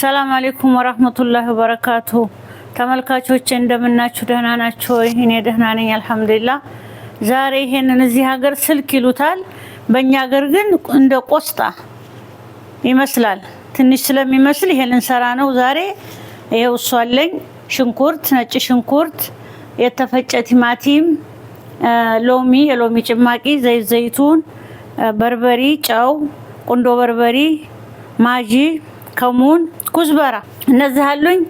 ሰላም አሌይኩም ወራህመቱላሂ ወበረካቱ። ተመልካቾች እንደምናችሁ ደህና ናቸው? እኔ ደህና ነኝ አልሐምዱሊላህ። ዛሬ ይሄንን እዚህ ሀገር ስልክ ይሉታል፣ በእኛ ሀገር ግን እንደ ቆስጣ ይመስላል። ትንሽ ስለሚመስል ይሄንን ልንሰራ ነው ዛሬ። ይሄው እሷ አለኝ ሽንኩርት፣ ነጭ ሽንኩርት፣ የተፈጨ ቲማቲም፣ ሎሚ፣ የሎሚ ጭማቂ፣ ዘይት ዘይቱን፣ በርበሪ፣ ጨው፣ ቁንዶ በርበሪ፣ ማጂ ከሙን፣ ኩዝበራ እነዚህ አሉኝ።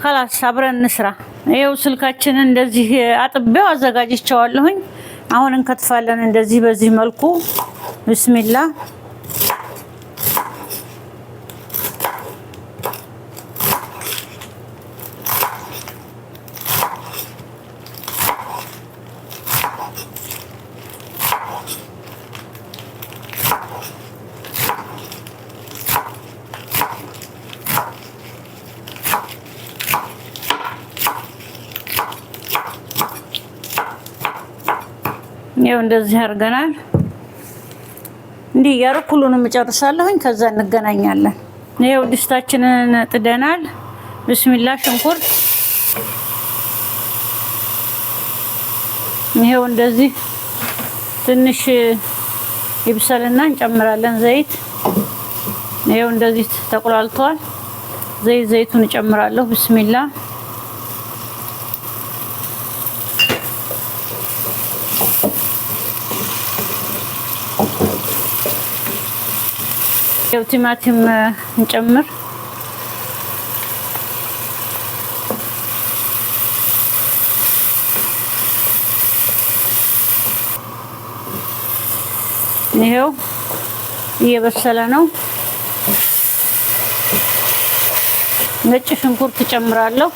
ከላስ አብረን እንስራ። ይኸው ስልካችንን እንደዚህ አጥቤው አዘጋጅቸዋለሁኝ። አሁን እንከትፋለን። እንደዚህ በዚህ መልኩ ብስሚላ ይሄው እንደዚህ አድርገናል። እንዲህ እያደረኩ ሁሉንም እጨርሳለሁኝ። ከዛ እንገናኛለን። ይሄው ድስታችንን ጥደናል። ብስሚላ ሽንኩርት ይሄው እንደዚህ ትንሽ ይብሰልና እንጨምራለን ዘይት። ይሄው እንደዚህ ተቆላልቷል። ዘይት ዘይቱን እጨምራለሁ። ብስሚላ ያው ቲማቲም እንጨምር። ይሄው እየበሰለ ነው። ነጭ ሽንኩርት እጨምራለሁ።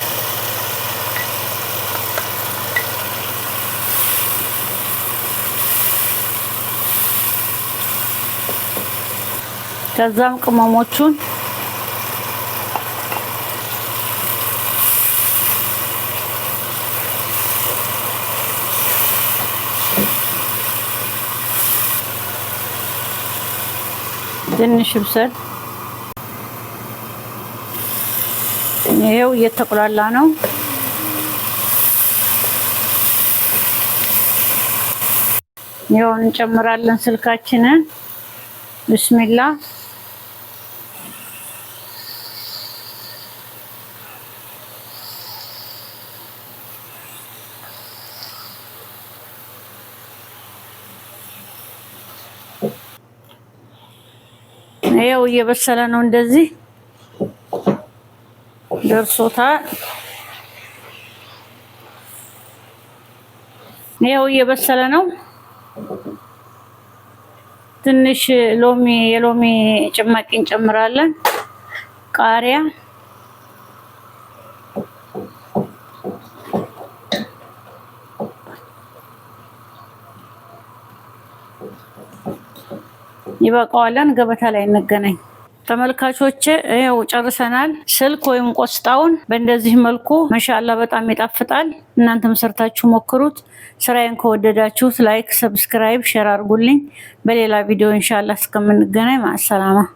ከዛም ቅመሞቹን ትንሽ ብሰል ይሄው እየተቆላላ ነው። ይሄውን እንጨምራለን ስልካችንን ብስሚላ ይኸው እየበሰለ ነው። እንደዚህ ደርሶታል። ይኸው እየበሰለ ነው። ትንሽ ሎሚ የሎሚ ጭማቂ እንጨምራለን። ቃሪያ ይበቃዋለን። ገበታ ላይ እንገናኝ። ተመልካቾች ይኸው ጨርሰናል። ስልክ ወይም ቆስጣውን በእንደዚህ መልኩ መሻላ በጣም ይጣፍጣል። እናንተም ሰርታችሁ ሞክሩት። ስራዬን ከወደዳችሁት ላይክ፣ ሰብስክራይብ፣ ሼር አድርጉልኝ። በሌላ ቪዲዮ እንሻላ እስከምንገናኝ ማሰላማ